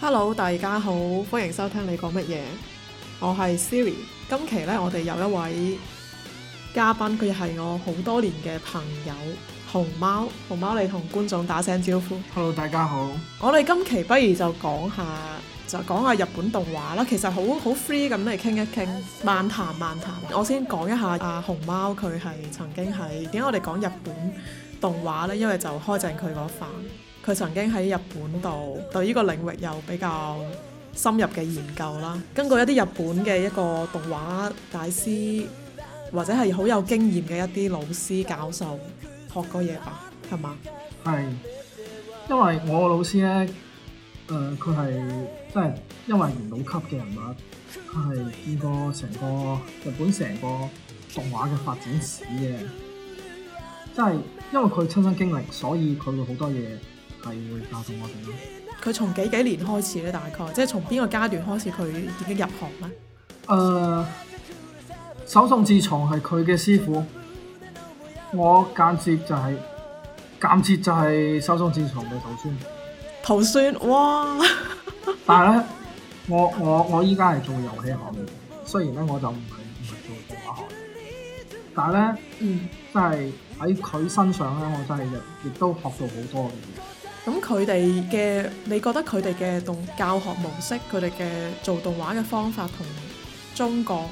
Hello，大家好，歡迎收聽你講乜嘢，我係 Siri，今期呢，我哋有一位嘉賓，佢係我好多年嘅朋友，熊貓，熊貓你同觀眾打聲招呼，Hello，大家好，我哋今期不如就講下，就講下日本動畫啦，其實好好 free 咁嚟傾一傾，漫談漫談，我先講一下阿、啊、熊貓佢係曾經喺，點解我哋講日本動畫呢？因為就開正佢個飯。佢曾經喺日本度對呢個領域有比較深入嘅研究啦，跟過一啲日本嘅一個動畫大師，或者係好有經驗嘅一啲老師教授學過嘢吧，係嘛？係，因為我個老師咧，誒佢係即係因為元老級嘅人物，佢係見過成個日本成個動畫嘅發展史嘅，即係因為佢親身經歷，所以佢會好多嘢。係會教同我哋。佢從幾幾年開始咧？大概即係從邊個階段開始佢已經入行咧？誒、呃，手冢治虫係佢嘅師傅，我間接就係、是、間接就係手冢治虫嘅徒孫。徒孫哇！ 但係咧，我我我依家係做遊戲行業，雖然咧我就唔係唔係做動畫，但係咧，嗯，即係喺佢身上咧，我真係亦都學到好多嘅嘢。咁佢哋嘅，你覺得佢哋嘅動教學模式，佢哋嘅做動畫嘅方法，同中國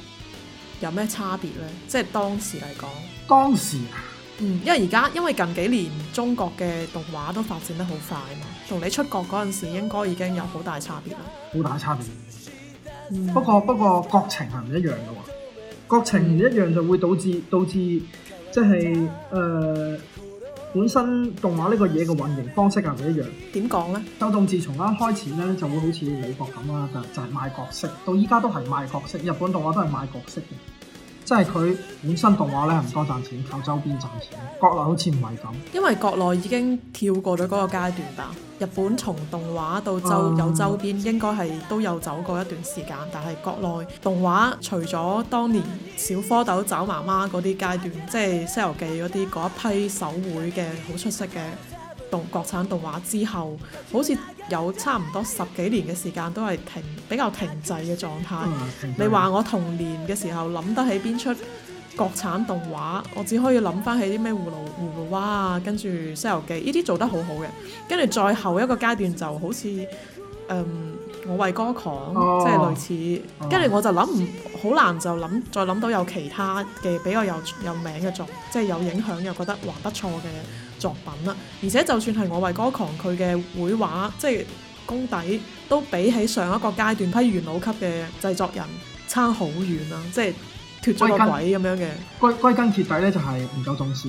有咩差別呢？即係當時嚟講，當時、啊，嗯，因為而家因為近幾年中國嘅動畫都發展得好快嘛，同你出國嗰陣時應該已經有好大差別啦，好大差別。不過不過國情係唔一樣嘅喎，國情唔一樣就會導致導致即係誒。就是呃本身動畫呢個嘢嘅運營方式又唔一樣。點講呢？周動自從一開始咧，就會好似美國咁啦，就就係賣角色，到依家都係賣角色。日本動畫都係賣角色即係佢本身動畫咧唔多賺錢，靠周邊賺錢。國內好似唔係咁，因為國內已經跳過咗嗰個階段吧。日本從動畫到周有周邊，應該係都有走過一段時間。但係國內動畫除咗當年小蝌蚪找媽媽嗰啲階段，即係《西遊記》嗰啲嗰一批手繪嘅好出色嘅。動國產動畫之後，好似有差唔多十幾年嘅時間都係停比較停滯嘅狀態。嗯、你話我童年嘅時候諗得起邊出國產動畫，我只可以諗翻起啲咩《葫蘆葫蘆娃》啊，跟住《西遊記》呢啲做得好好嘅。跟住再後一個階段就好似，嗯，我為歌狂，哦、即係類似。跟住、哦、我就諗唔好難就諗再諗到有其他嘅比較有有名嘅作，即係有影響又覺得還不錯嘅。作品啦、啊，而且就算係我為歌狂佢嘅繪畫，即係功底都比起上一個階段批元老級嘅製作人差好遠啦，即係脫咗個位咁樣嘅。歸歸根徹底咧、嗯，就係唔夠重視。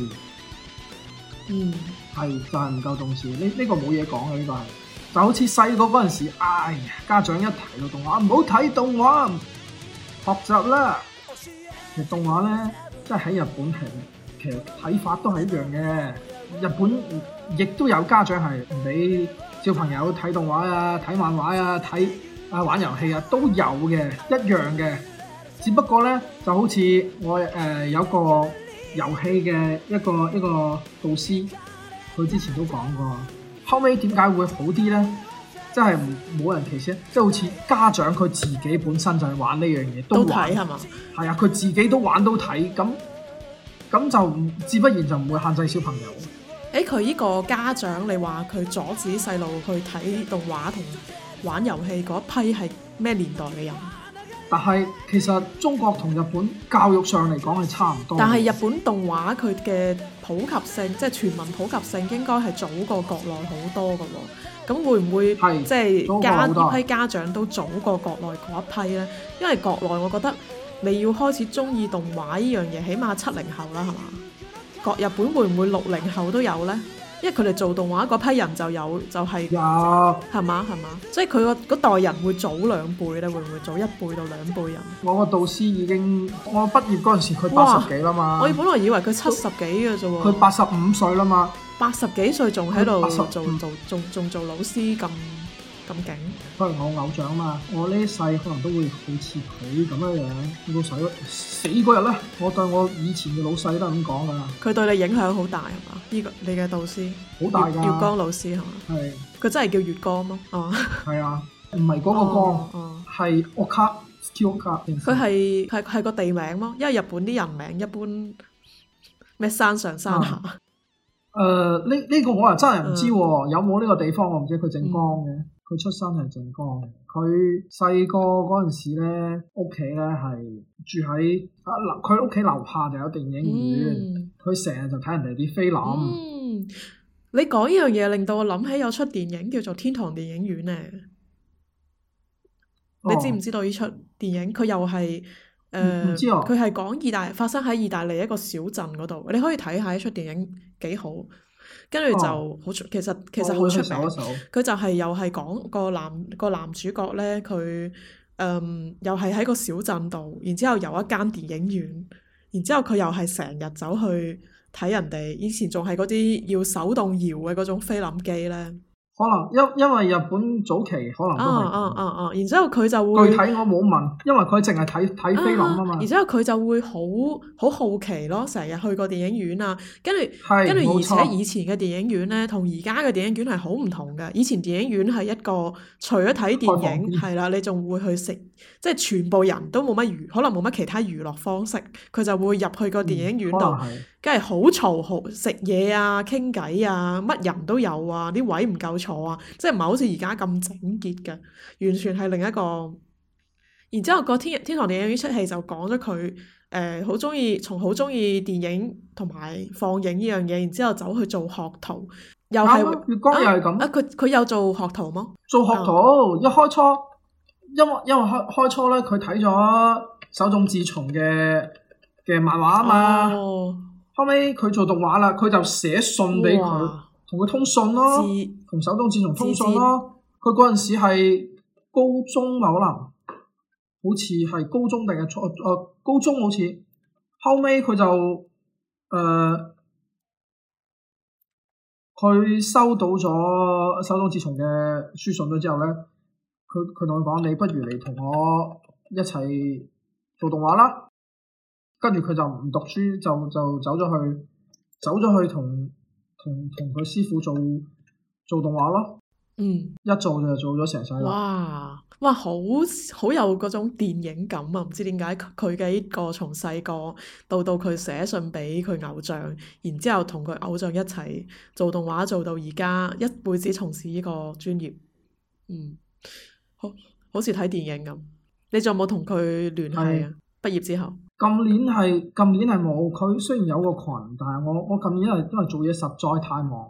嗯、這個，係、這個，但係唔夠重視呢？呢個冇嘢講嘅呢個係，就好似細個嗰陣時，哎，家長一提到動畫唔好睇動畫，學習啦。其實動畫咧，即係喺日本係，其實睇法都係一樣嘅。日本亦都有家長係唔俾小朋友睇動畫啊、睇漫畫啊、睇啊玩遊戲啊，都有嘅，一樣嘅。只不過咧就好似我誒、呃、有個遊戲嘅一個一個導師，佢之前都講過，後尾點解會好啲咧？真係冇人歧視。即、就、係、是、好似家長佢自己本身就玩呢樣嘢，都睇係嘛？係玩嗎啊，佢自己都玩到睇，咁咁就唔，自不然就唔會限制小朋友。誒，佢依個家長，你話佢阻止細路去睇動畫同玩遊戲嗰一批係咩年代嘅人？但係其實中國同日本教育上嚟講係差唔多。但係日本動畫佢嘅普及性，即係全民普及性應該係早過國內好多㗎喎。咁會唔會是即係是家呢批家長都早過國內嗰一批呢？因為國內我覺得你要開始中意動畫呢樣嘢，起碼七零後啦，係嘛？國日本會唔會六零後都有呢？因為佢哋做動畫嗰批人就有，就係有，係嘛係嘛，即係佢個嗰代人會早兩輩呢，會唔會早一輩到兩輩人？我個導師已經，我畢業嗰陣時佢八十幾啦嘛。我本來以為佢七十幾嘅啫，佢八十五歲啦嘛，八十幾歲仲喺度做做做仲仲做老師咁咁勁。佢係我偶像啊嘛！我呢世可能都會好似佢咁樣樣，到、那、時、個、死嗰日咧，我對我以前嘅老細都係咁講噶啦。佢對你影響好大係嘛？呢、這個你嘅導師，好大噶月，月光老師係嘛？係佢是真係叫月光咯、 啊哦，哦，係啊，唔係光個光，係 oka，tsukioka 佢係係係個地名咯，因為日本啲人名一般咩山上山下。誒呢呢個我係真係唔知有冇呢個地方，嗯、我唔知佢整光嘅。佢出生喺鎮江，佢細個嗰陣時咧，屋企咧係住喺啊，佢屋企樓下就有電影院，佢成日就睇人哋啲菲林、嗯。你講呢樣嘢，令到我諗起有出電影叫做《天堂電影院》咧。哦、你知唔知道呢出電影？佢又係誒，唔知啊。佢係講意大，發生喺意大利一個小鎮嗰度。你可以睇下呢出電影，幾好。跟住就好出，哦、其實其實好出名。佢就係又係講個男個男主角咧，佢誒、嗯、又係喺個小鎮度，然之後有一間電影院，然之後佢又係成日走去睇人哋，以前仲係嗰啲要手動搖嘅嗰種菲林機咧。可能因因為日本早期可能，哦哦哦哦，然之後佢就會具體我冇問，因為佢淨係睇睇菲林啊嘛。啊然之後佢就會好好好奇咯，成日去過電影院啊，跟住跟住，是而且以前嘅電影院咧，同而家嘅電影院係好唔同嘅。以前電影院係一個除咗睇電影，係啦何，你仲會去食，即係全部人都冇乜娛，可能冇乜其他娛樂方式，佢就會入去個電影院度。嗯真係好嘈，好食嘢啊，傾偈啊，乜人都有啊，啲位唔夠坐啊，即係唔係好似而家咁整潔嘅，完全係另一個。然之後個天天堂電影院呢出戲就講咗佢誒好中意，從好中意電影同埋放映呢樣嘢，然之後走去做學徒，又係月岡又係咁啊！佢、啊、佢有做學徒麼？做學徒一、嗯、開初，因為因為開開初咧，佢睇咗手冢治虫嘅嘅漫畫啊嘛。哦。後尾佢做動畫啦，佢就寫信畀佢，同佢哇通信咯，同手塚治虫通訊咯。佢嗰陣時係高中可能，好似係高中定係初，誒、啊，高中好似。後尾佢就誒，佢、呃、收到咗手塚治虫嘅書信咗之後咧，佢佢同佢講：你不如你同我一齊做動畫啦。跟住佢就唔讀書，就就走咗去，走咗去同同佢師傅做做動畫咯。嗯，一做就做咗成世咯。哇哇，好好有嗰種電影感啊！唔知點解佢嘅呢個從細個到到佢寫信畀佢偶像，然之後同佢偶像一齊做動畫，做到而家一輩子從事呢個專業。嗯，好好似睇電影咁。你仲有冇同佢聯繫啊？畢業之後，今年係今年係冇佢。雖然有個群，但係我我今年因為因為做嘢實在太忙，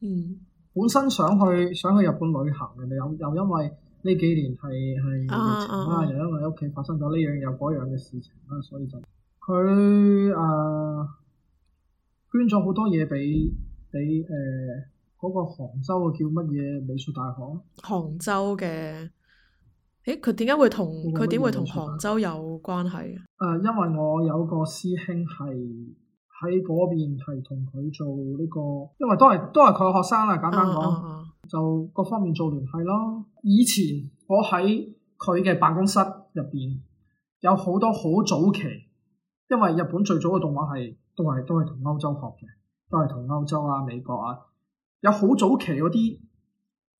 嗯，本身想去想去日本旅行嘅，你又又因為呢幾年係係疫情啦，又因為屋企、啊啊啊、發生咗呢、這個、樣又嗰樣嘅事情啦，所以就佢誒、啊、捐咗好多嘢俾俾誒嗰個杭州嘅叫乜嘢美術大學？杭州嘅。誒，佢點解會同佢點會同杭州有關係？誒、啊，因為我有個師兄係喺嗰邊，係同佢做呢、這個，因為都係都係佢嘅學生啊。簡單講，啊啊啊、就各方面做聯繫咯。以前我喺佢嘅辦公室入邊，有好多好早期，因為日本最早嘅動畫係都係都係同歐洲學嘅，都係同歐洲啊、美國啊，有好早期嗰啲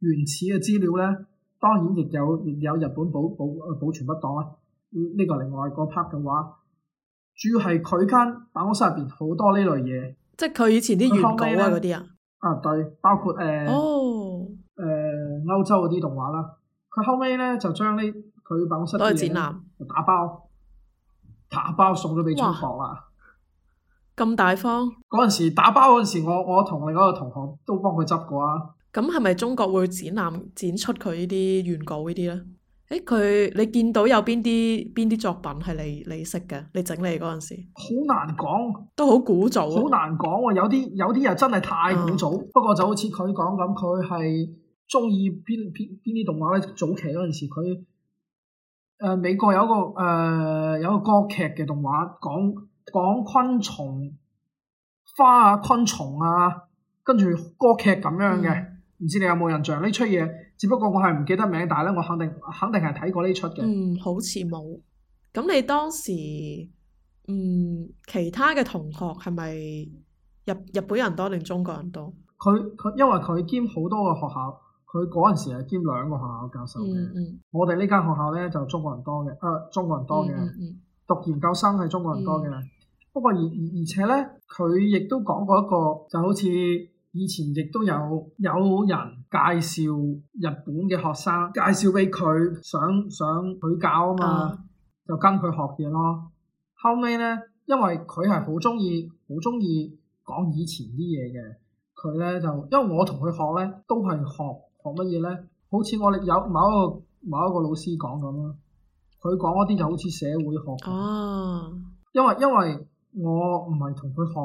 原始嘅資料咧。當然亦有，亦有日本保保保存不當啊！呢、這個另外個 part 嘅話，主要係佢間辦公室入邊好多呢類嘢，即係佢以前啲原稿啊啲啊。啊，對，包括誒，誒、呃哦呃、歐洲嗰啲動畫啦。佢後尾咧就將呢佢辦公室啲嘢打包，打包送咗俾中國啦。咁大方嗰陣時打包嗰陣時，我我同另外嗰個同學都幫佢執過啊。咁係咪中國會展覽展出佢呢啲原稿呢啲咧？誒、欸，佢你見到有邊啲邊啲作品係你你識嘅？你整理嗰陣時，好難講，都好古早、啊。好難講喎、啊，有啲有啲又真係太古早。嗯、不過就好似佢講咁，佢係中意邊邊邊啲動畫咧。早期嗰陣時，佢、呃、誒美國有一個、呃、有一個歌劇嘅動畫，講講昆蟲花啊、昆蟲啊，跟住歌劇咁樣嘅。嗯唔知你有冇印象呢出嘢？只不過我係唔記得名，但係咧我肯定肯定係睇過呢出嘅。嗯，好似冇。咁你當時，嗯，其他嘅同學係咪日日本人多定中國人多？佢佢因為佢兼好多個學校，佢嗰陣時係兼兩個學校教授嘅、嗯。嗯，我哋呢間學校咧就是、中國人多嘅，啊、呃，中國人多嘅、嗯。嗯。嗯，讀研究生係中國人多嘅，嗯、不過而而且咧，佢亦都講過一個就好似。以前亦都有有人介紹日本嘅學生介紹俾佢，想想佢教啊嘛，uh. 就跟佢學嘢咯。後尾咧，因為佢係好中意，好中意講以前啲嘢嘅。佢咧就因為我同佢學咧，都係學學乜嘢咧？好似我哋有某一個某一個老師講咁咯，佢講嗰啲就好似社會學嘅、uh.，因為因為我唔係同佢學，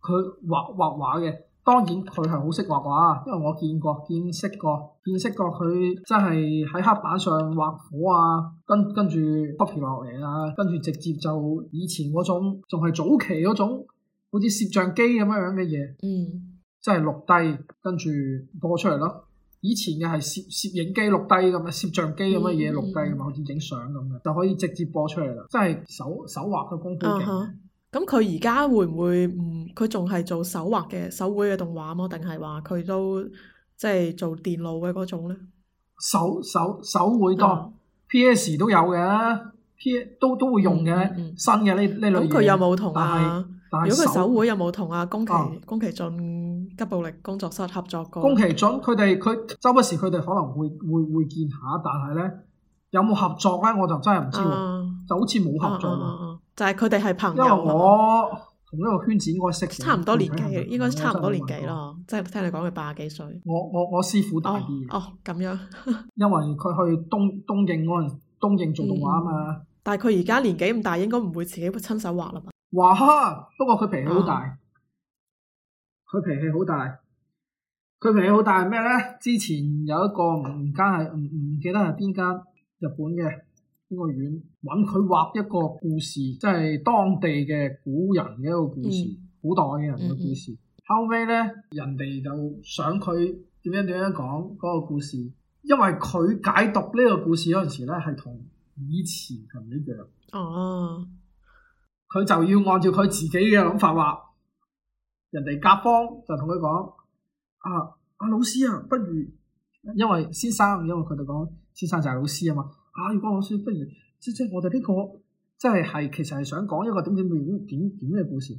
佢畫畫畫嘅。畫畫當然佢係好識畫畫，因為我見過、見識過、見識過佢真係喺黑板上畫火啊，跟跟住不 o 落嚟啊，跟住直接就以前嗰種仲係早期嗰種，好似攝像機咁樣樣嘅嘢，嗯，真係錄低跟住播出嚟咯。以前嘅係攝攝影機錄低咁啊，攝像機咁嘅嘢錄低咁嘛，嗯嗯好似影相咁嘅，就可以直接播出嚟啦。真係手手畫嘅功夫勁。啊。咁佢而家會唔會唔佢仲係做手畫嘅手繪嘅動畫嘛？定係話佢都即係做電腦嘅嗰種咧？手手手繪多，PS 都有嘅，PS 都都會用嘅，新嘅呢呢兩樣。咁佢有冇同啊？如果佢手繪有冇同啊？宮崎宮崎駿吉布力工作室合作過。宮崎駿佢哋佢周不時佢哋可能會會會見下，但係咧有冇合作咧？我就真係唔知，就好似冇合作喎。就係佢哋係朋友。我同呢個圈子應該識，差唔多年紀，應該差唔多年紀咯。即係聽你講佢八幾歲。我我我師傅大啲、哦。哦，咁樣。 因為佢去東東映嗰陣，東映做動畫啊嘛。嗯、但係佢而家年紀咁大，應該唔會自己親手畫啦嘛。哇哈！不過佢脾氣好大，佢、啊、脾氣好大，佢脾氣好大係咩咧？之前有一個唔唔唔記得係邊間日本嘅。邊個縣揾佢畫一個故事，即係當地嘅古人嘅一個故事，嗯、古代嘅人嘅故事。嗯嗯嗯、後尾咧，人哋就想佢點樣點樣講嗰個故事，因為佢解讀呢個故事嗰陣時咧，係同以前唔一樣。哦，佢就要按照佢自己嘅諗法畫。人哋甲方就同佢講：啊，阿、啊、老師啊，不如，因為先生，因為佢哋講先生就係老師啊嘛。啊！如果我師不如即即，即我哋呢、呢個即係係其實係想講一個點點點點嘅故事。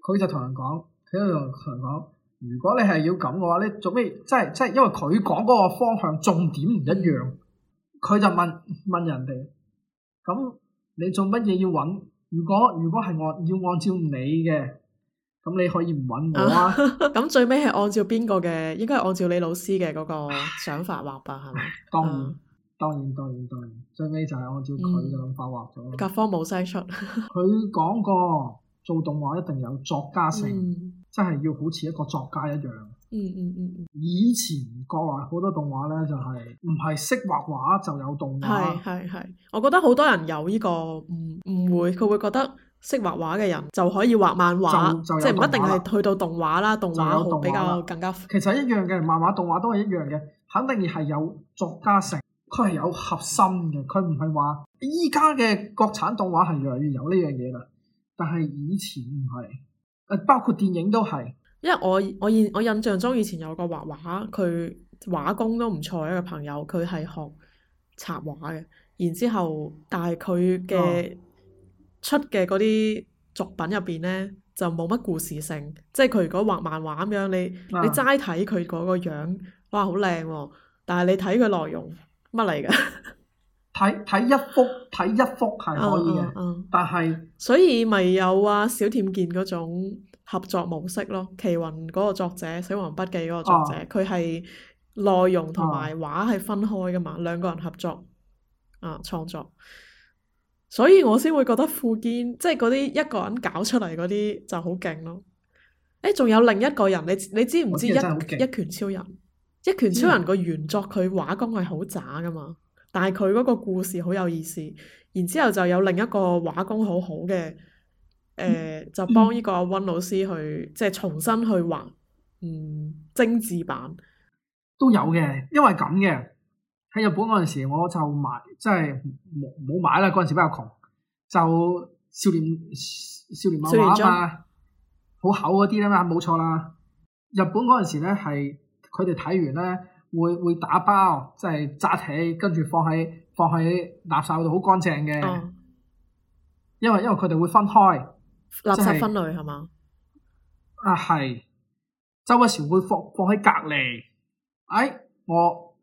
佢就同人講，佢就同人講：如果你係要咁嘅話咧，你做咩？即係即係，因為佢講嗰個方向重點唔一樣。佢就問問人哋：咁你做乜嘢要揾？如果如果係按要按照你嘅，咁你可以唔揾我啊？咁最尾係按照邊個嘅？應該係按照你老師嘅嗰個想法畫吧？係咪？嗯。當然，當然，當然，最尾就係按照佢嘅諗法畫咗。甲方冇聲出。佢講過， 做動畫一定有作家性，真係、嗯、要好似一個作家一樣。嗯嗯嗯。嗯嗯以前國外好多動畫咧，就係唔係識畫畫就有動畫。係係係。我覺得好多人有呢、這個誤誤會，佢會覺得識畫畫嘅人就可以畫漫畫，就就畫即係唔一定係去到動畫啦，動畫比較更加。其實一樣嘅，漫畫、動畫都係一樣嘅，肯定係有作家性。佢係有核心嘅，佢唔係話依家嘅國產動畫係越嚟越有呢樣嘢啦，但係以前唔係，誒包括電影都係，因為我我現我印象中以前有個畫畫佢畫工都唔錯一個朋友，佢係學插畫嘅，然之後但係佢嘅出嘅嗰啲作品入邊咧就冇乜故事性，即係佢如果畫漫畫咁樣，你、啊、你齋睇佢嗰個樣，哇好靚喎，但係你睇佢內容。乜嚟噶？睇睇 一幅睇一幅係可以嘅，uh, uh, 但係是所以咪有啊小畑健嗰種合作模式咯。棋魂嗰個作者，死亡筆記嗰、那個作者，佢係內容同埋畫係分開噶嘛，兩、uh, 個人合作啊創作。所以我先會覺得富堅即係嗰啲一個人搞出嚟嗰啲就好勁咯。誒、欸，仲有另一個人，你你知唔知，知一、啊、一拳超人？一拳超人個原作佢畫工係好渣㗎嘛，但係佢嗰個故事好有意思。然之後就有另一個畫工好好嘅，誒、嗯呃、就幫呢個温老師去、嗯、即係重新去畫，嗯，精緻版都有嘅。因為咁嘅喺日本嗰陣時，我就買即係冇買啦。嗰陣時比較窮，就少年少年少年，啊嘛，好厚嗰啲嘛，冇錯啦。日本嗰陣時咧係。佢哋睇完咧，會會打包，即係紮起，跟住放喺放喺垃圾嗰度，好乾淨嘅、嗯。因為因為佢哋會分開，垃圾分類係嘛？就是、啊，係。周不時會放放喺隔離。哎，我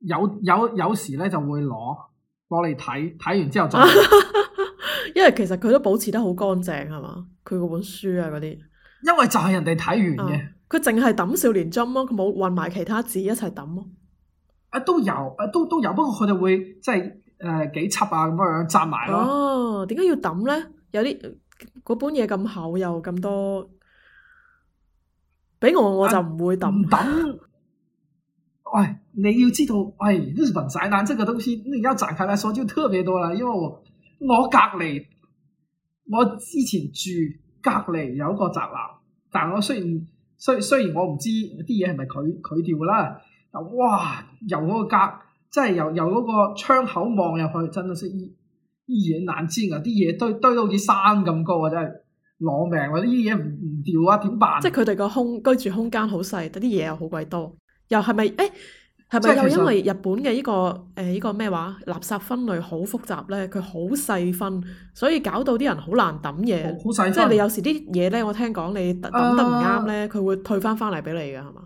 有有有時咧就會攞攞嚟睇，睇完之後就， 因為其實佢都保持得好乾淨係嘛？佢嗰本書啊嗰啲，因為就係人哋睇完嘅。嗯佢淨係抌少年針咯，佢冇混埋其他字一齊抌咯。啊，都有、呃、啊，都都、哦、有不、啊，不過佢哋會即係誒幾輯啊咁樣樣紮埋咯。哦，點解要抌咧？有啲嗰本嘢咁厚又咁多，畀我我就唔會抌。抌，喂，你要知道，喂，日本宅男這個東西，你要展開來說就特別多了。因為我我隔籬，我之前住隔籬有個宅男，但我雖然。雖雖然我唔知啲嘢係咪佢佢掉嘅啦，但係哇，由嗰個格，即係由由嗰個窗口望入去，真係識，難言難知啊！啲嘢堆堆到好似山咁高啊！真係攞命啊！啲嘢唔唔掉啊，點辦？即係佢哋個空居住空間好細，但啲嘢又好鬼多，又係咪？誒、欸。係咪又因為日本嘅呢、這個誒呢、呃這個咩話垃圾分類好複雜咧？佢好細分，所以搞到啲人好難抌嘢。哦、細即係你有時啲嘢咧，我聽講你抌得唔啱咧，佢、呃、會退翻翻嚟俾你嘅係嘛？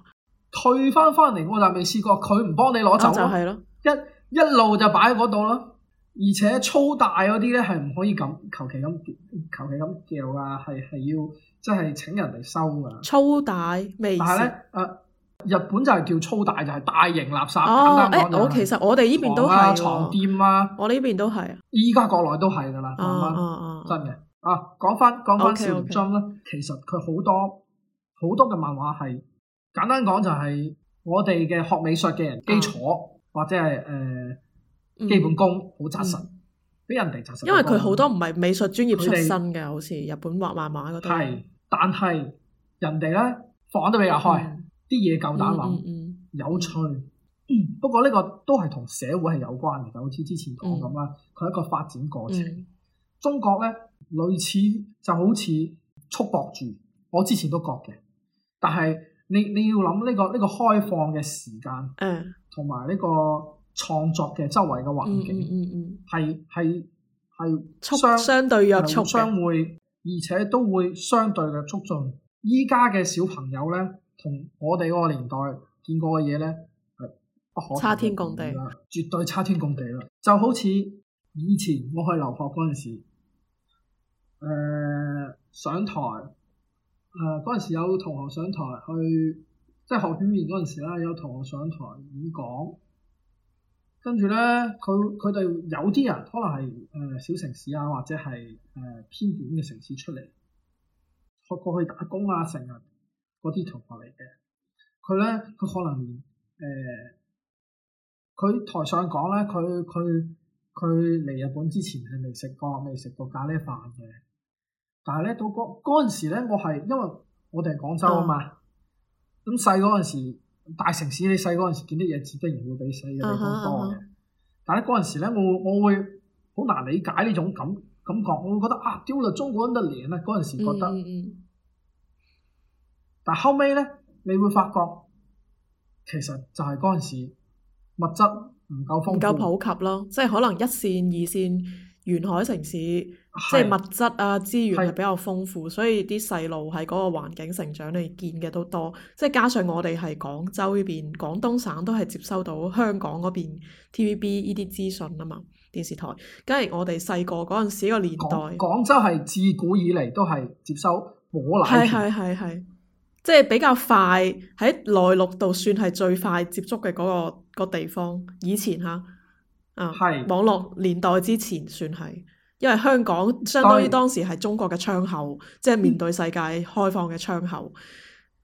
退翻翻嚟，我但未試過，佢唔幫你攞走就係咯。一一路就擺喺嗰度咯。而且粗大嗰啲咧係唔可以咁求其咁求其咁叫啊，係係要即係請人嚟收啊。粗大咩意思？但係咧誒。日本就係叫粗大，就係大型垃圾。我其實我哋呢邊都係，床墊啊，我呢邊都係。依家國內都係噶啦，真嘅。啊，講翻講翻少針咧，其實佢好多好多嘅漫畫係簡單講就係我哋嘅學美術嘅人基礎或者係誒基本功好紮實，比人哋紮實。因為佢好多唔係美術專業出身嘅，好似日本畫漫畫嗰啲。係，但係人哋咧放得比較開。啲嘢夠膽諗有趣，嗯、不過呢個都係同社會係有關嘅，就好似之前講咁啦。佢、嗯、係一個發展過程，嗯、中國咧類似就好似束縛住，我之前都覺嘅。但係你你要諗呢個呢個開放嘅時間，同埋呢個創作嘅周圍嘅環境，係係係相速相對有相會，而且都會相對嘅促進。依家嘅小朋友咧。同我哋嗰個年代見過嘅嘢咧，係不可差天共地啦，絕對差天共地啦。就好似以前我去留學嗰陣時、呃，上台誒嗰陣時有同學上台去即係學語言嗰陣時啦，有同學上台演講，跟住咧佢佢哋有啲人可能係誒、呃、小城市啊，或者係誒、呃、偏遠嘅城市出嚟，學過去打工啊等等，成日。嗰啲同學嚟嘅，佢咧佢可能誒，佢、呃、台上講咧，佢佢佢嚟日本之前係未食過未食過咖喱飯嘅。但係咧到嗰嗰陣時咧，我係因為我哋係廣州啊嘛，咁細嗰陣時，大城市你細嗰陣時見啲嘢自不然會比細嘅地方多嘅，啊、哈哈但係咧嗰陣時咧，我會我會好難理解呢種感感覺，我會覺得啊丟啦，中國人都靚啦，嗰陣時覺得。嗯但後尾呢，你會發覺其實就係嗰陣時物質唔夠豐富，唔夠普及咯。即係可能一線、二線沿海城市，是即係物質啊資源係比較豐富，是所以啲細路喺嗰個環境成長，你見嘅都多。即係加上我哋係廣州呢邊，廣東省都係接收到香港嗰邊 TVB 呢啲資訊啊嘛，電視台。梗係我哋細個嗰陣時個年代，廣州係自古以嚟都係接收摩奶片。係係係。即係比較快喺內陸度算係最快接觸嘅嗰、嗰個嗰個地方，以前嚇，啊，是網絡年代之前算係，因為香港相當於當時係中國嘅窗口，即係面對世界開放嘅窗口。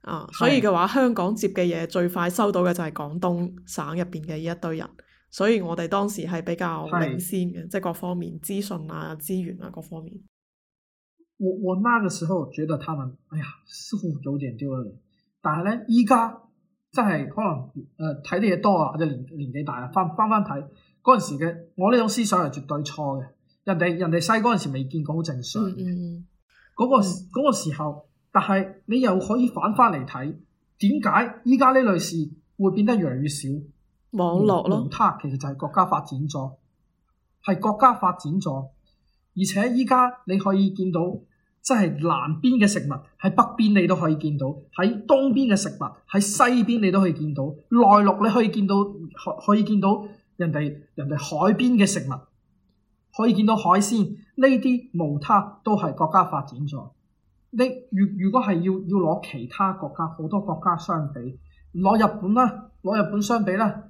啊，是所以嘅話，香港接嘅嘢最快收到嘅就係廣東省入邊嘅呢一堆人，所以我哋當時係比較領先嘅，是即係各方面資訊啊、資源啊各方面。我我那個時候覺得他們，哎呀，似乎有點丟你。但係咧，依家真係可能，誒、呃，睇得多啊，或者年年紀大啊，翻翻翻睇嗰陣時嘅，我呢種思想係絕對錯嘅。人哋人哋細嗰陣時未見過，好正常。嗰、嗯嗯嗯那個嗰、嗯、個時候，但係你又可以反翻嚟睇，點解依家呢類事會變得越嚟越少？網絡咯，它其實就係國家發展咗，係國家發展咗，而且依家你可以見到。即係南邊嘅食物喺北邊你都可以見到，喺東邊嘅食物喺西邊你都可以見到，內陸你可以見到可以見到人哋人哋海邊嘅食物，可以見到海鮮呢啲，無他都係國家發展咗。你如如果係要要攞其他國家好多國家相比，攞日本啦，攞日本相比咧，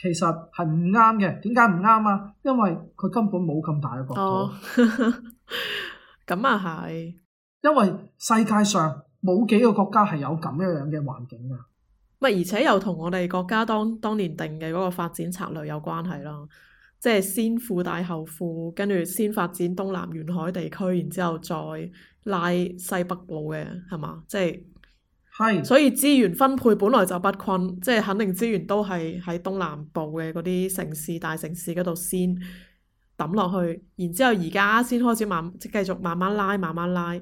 其實係唔啱嘅。點解唔啱啊？因為佢根本冇咁大嘅國度。咁啊係。因為世界上冇幾個國家係有咁樣樣嘅環境啊，而且又同我哋國家當當年定嘅嗰個發展策略有關係啦，即係先富帶後富，跟住先發展東南沿海地區，然之後再拉西北部嘅，係嘛？即係是所以資源分配本來就不均，即係肯定資源都係喺東南部嘅嗰啲城市，大城市嗰度先抌落去，然之後而家先開始慢慢，即繼續慢慢拉，慢慢拉。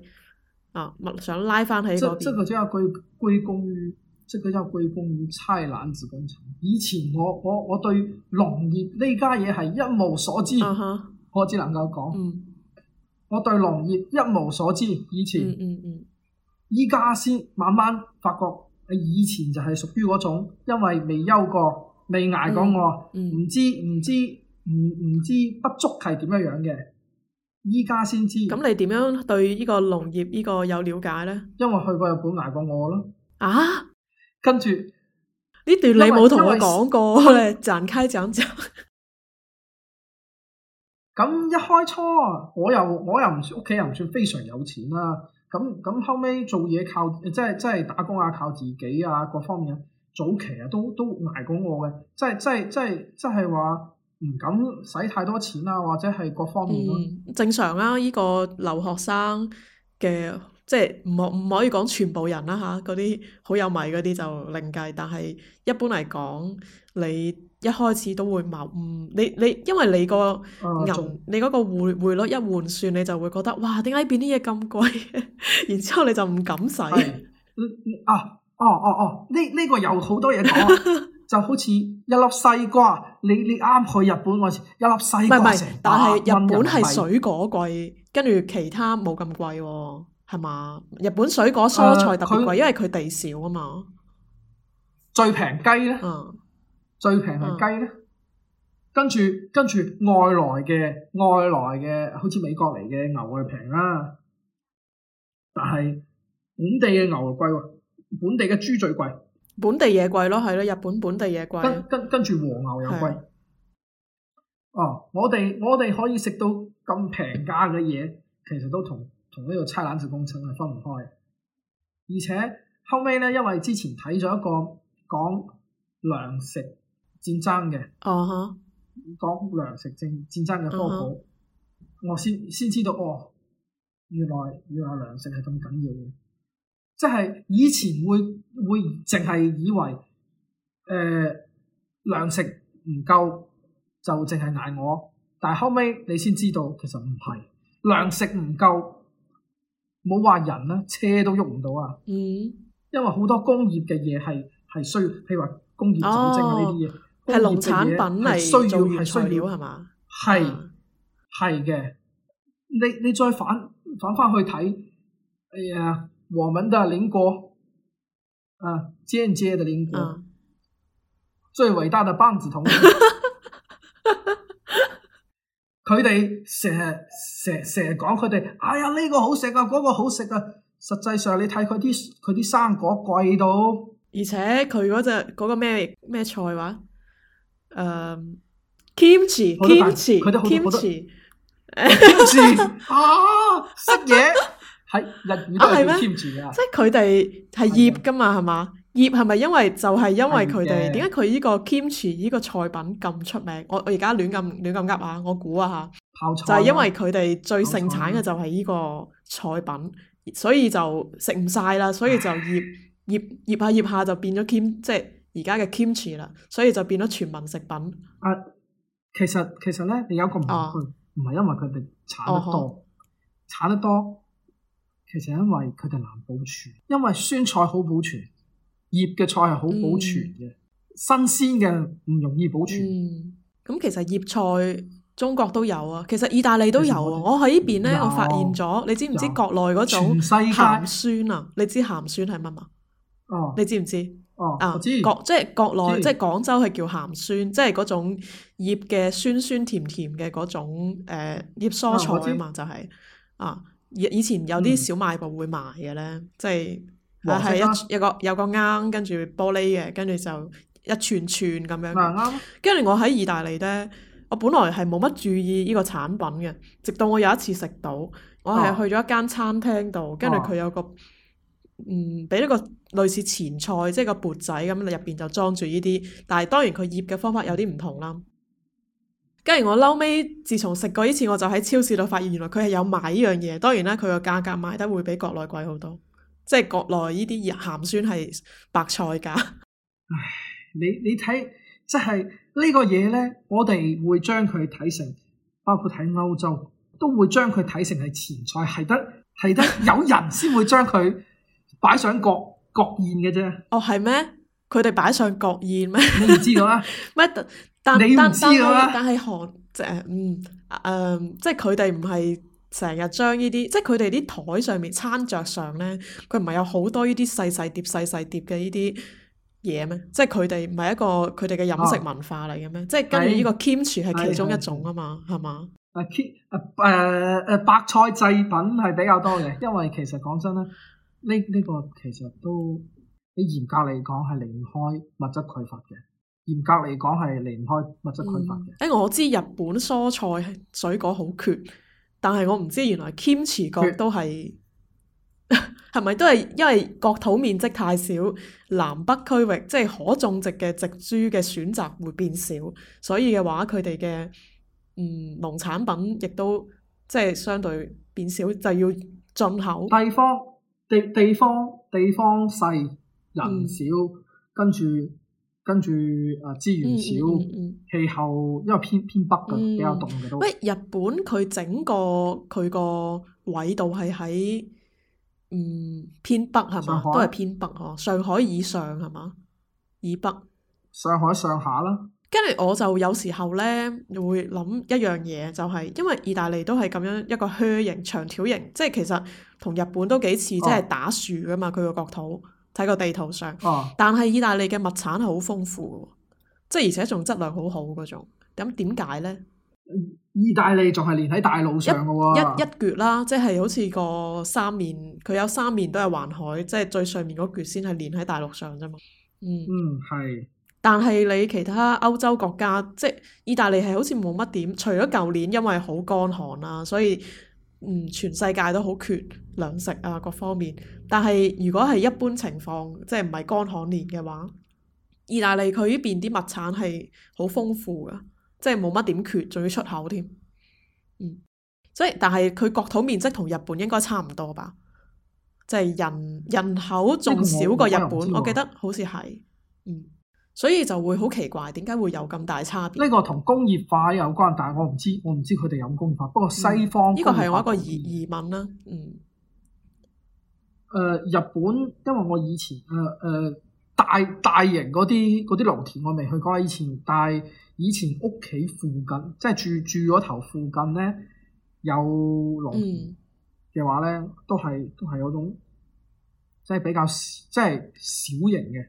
啊、哦！想拉翻起，嗰邊，呢、這個叫歸歸功於，呢、這個叫歸功於菜籃子工程。以前我我我對農業呢家嘢係一無所知，uh huh. 我只能夠講，嗯、我對農業一無所知。以前，依家先慢慢發覺，以前就係屬於嗰種，因爲未休過，未捱過餓，唔、嗯嗯、知唔知唔唔知，不，不，知不足係點樣樣嘅。依家先知，咁你點樣對呢個農業呢個有了解咧？因為去過日本挨過餓咯。啊，跟住著呢段你冇同為我講過咧，賺雞長隻。咁 一開初，我又我又唔算屋企又唔算非常有錢啦、啊。咁咁後尾做嘢靠，即係即係打工啊，靠自己啊，各方面。早期啊，都都挨過餓嘅，即係即係即係即係話。唔敢使太多錢啊，或者係各方面、啊嗯。正常啦、啊，呢、這個留學生嘅即係唔可唔可以講全部人啦、啊、嚇，嗰啲好有米嗰啲就另計。但係一般嚟講，你一開始都會冇嗯，你你，你因為你，銀、啊、你個銀你嗰個匯率一換算，你就會覺得哇點解變啲嘢咁貴？ 然之後你就唔敢使。啊哦哦哦，呢、啊、呢、啊啊啊啊這個這個有好多嘢講、啊。 就好似一粒西瓜，你你啱去日本嗰時，一粒西瓜成百蚊人民幣。但係日本係水果貴，跟住其他冇咁貴喎、哦，係嘛？日本水果蔬菜特別貴，呃、因為佢地少啊嘛。最平雞咧，嗯、最平係雞咧，跟住跟住外來嘅外來嘅，好似美國嚟嘅牛嚟平啦，但係本地嘅牛貴，本地嘅豬最貴。本地嘢貴咯，係咯，日本本地嘢貴，跟跟跟住和牛又貴。是的 哦，我哋我哋可以食到咁平價嘅嘢，其實都同同呢個差餉稅工程係分唔開嘅。而且後尾咧，因為之前睇咗一個講糧食戰爭嘅，哦呵、uh，huh. 講糧食戰戰爭嘅科普，uh huh. 我先先知道哦，原來原來糧食係咁緊要嘅，即係以前會。會淨係以為誒糧、呃、食唔夠就淨係挨我，但係後尾你先知道其實唔係糧食唔夠，冇話人啦、啊，車都喐唔到啊！嗯，因為好多工業嘅嘢係係需要，譬如話工業酒精啊呢啲嘢，係農產品嚟做原材料，係嘛？係係嘅，你你再反反翻去睇，哎、呃、呀，和敏都係領過。啊！間接的鄰國，最偉大的棒子同學，佢哋成日成成日講佢哋，哎呀呢個好食啊，嗰個好食啊！實際上你睇佢啲佢啲生果貴到，而且佢嗰隻嗰個咩咩菜話，誒，天池天池天池，天池啊，食嘢。係日語都有叫 kimchi，即係佢哋係醃噶嘛，係嘛的？醃係咪因為就係、是、因為佢哋點解佢呢個 kimchi 呢個菜品咁出名？我我而家亂咁亂咁噏下，我估啊吓，就係因為佢哋最盛產嘅就係呢個菜品，菜所以就食唔晒啦，所以就醃醃醃下醃下就變咗 kimchi，即係而家嘅 kimchi 啦，所以就變咗全民食品。啊，其實其實咧，你有一個誤區，唔係、哦、因為佢哋產得多，哦、產得多。其實因為佢哋難保存，因為酸菜好保存，醃嘅菜係好保存嘅，新鮮嘅唔容易保存。咁其實醃菜中國都有啊，其實意大利都有。我喺呢邊咧，我發現咗，你知唔知國內嗰種鹹酸啊？你知鹹酸係乜嘛？哦，你知唔知？哦，我知。國即係國內，即係廣州係叫鹹酸，即係嗰種醃嘅酸酸甜甜嘅嗰種誒醃蔬菜啊嘛，就係啊。以前有啲小賣部會賣嘅咧，嗯、即係啊係一個有一個有個鈎跟住玻璃嘅，跟住就一串串咁樣。跟住的我喺意大利咧，我本來係冇乜注意呢個產品嘅，直到我有一次食到，我係去咗一間餐廳度，跟住佢有個嗯俾一個類似前菜，即係個缽仔咁，入邊就裝住呢啲，但係當然佢醃嘅方法有啲唔同啦。跟住我嬲尾，自從食過呢次，我就喺超市度發現，原來佢係有賣呢樣嘢。當然啦，佢個價格賣得會比國內貴好多。即係國內呢啲鹹酸係白菜價。唉，你你睇，即係、這個、呢個嘢咧，我哋會將佢睇成，包括喺歐洲，都會將佢睇成係前菜，係得係得有人先會將佢擺上國國 宴嘅啫。哦，係咩？佢哋擺上國宴咩？你唔知道啊？唔 但但但但係韓即係嗯誒、呃，即係佢哋唔係成日將呢啲，即係佢哋啲台上面餐桌上咧，佢唔係有好多呢啲細細碟細細碟嘅呢啲嘢咩？即係佢哋唔係一個佢哋嘅飲食文化嚟嘅咩？啊、即係跟住呢個 kimchi 係是其中一種啊嘛是，係嘛吧？誒 kim 誒誒誒白菜製品係比較多嘅， 因為其實講真咧，呢、這、呢個其實都。你嚴格嚟講係離唔開物質匱乏嘅。嚴格嚟講係離唔開物質匱乏嘅。誒、嗯欸，我知日本蔬菜水果好缺，但係我唔知原來謙持國都係係咪都係因為國土面積太少，南北區域即係、就是、可種植嘅植株嘅選擇會變少，所以嘅話佢哋嘅嗯農產品亦都即係、就是、相對變少，就要進口地方地地方地方細。人少，跟住跟住啊資源少，嗯嗯嗯嗯嗯氣候因為偏偏北嘅比較凍嘅都。喂、嗯，日本佢整個佢個緯度係喺嗯偏北係嘛？上海都係偏北呵，上海以上係嘛？以北，上海上下啦。跟住我就有時候咧會諗一樣嘢，就係、是、因為意大利都係咁樣一個靴形長條形，即係其實同日本都幾似，嗯、即係打樹噶嘛佢個國土。睇個地圖上，哦、但係意大利嘅物產係好豐富，即係而且仲質量好好嗰種。咁點解咧？意大利仲係連喺大陸上嘅一一橛啦，即係好似個三面，佢有三面都係環海，即係最上面嗰橛先係連喺大陸上啫嘛。嗯嗯，係。但係你其他歐洲國家，即係意大利係好似冇乜點，除咗舊年因為好乾旱啦，所以。嗯，全世界都好缺糧食啊，各方面。但係如果係一般情況，即係唔係乾旱年嘅話，意大利佢呢邊啲物產係好豐富㗎，即係冇乜點缺，仲要出口添。嗯，所以但係佢國土面積同日本應該差唔多吧？即係人人口仲少過日本，我記得好似係。嗯。所以就會好奇怪，點解會有咁大差別？呢個同工業化有關，但係我唔知，我唔知佢哋有冇工業化。不過西方呢個係我一個疑疑問啦。嗯。誒、呃，日本，因為我以前誒誒、呃呃、大大型嗰啲啲農田我未去過，以前但係以前屋企附近，即係住住嗰頭附近咧有農田嘅話咧、嗯，都係都係嗰種即係比較即係小型嘅。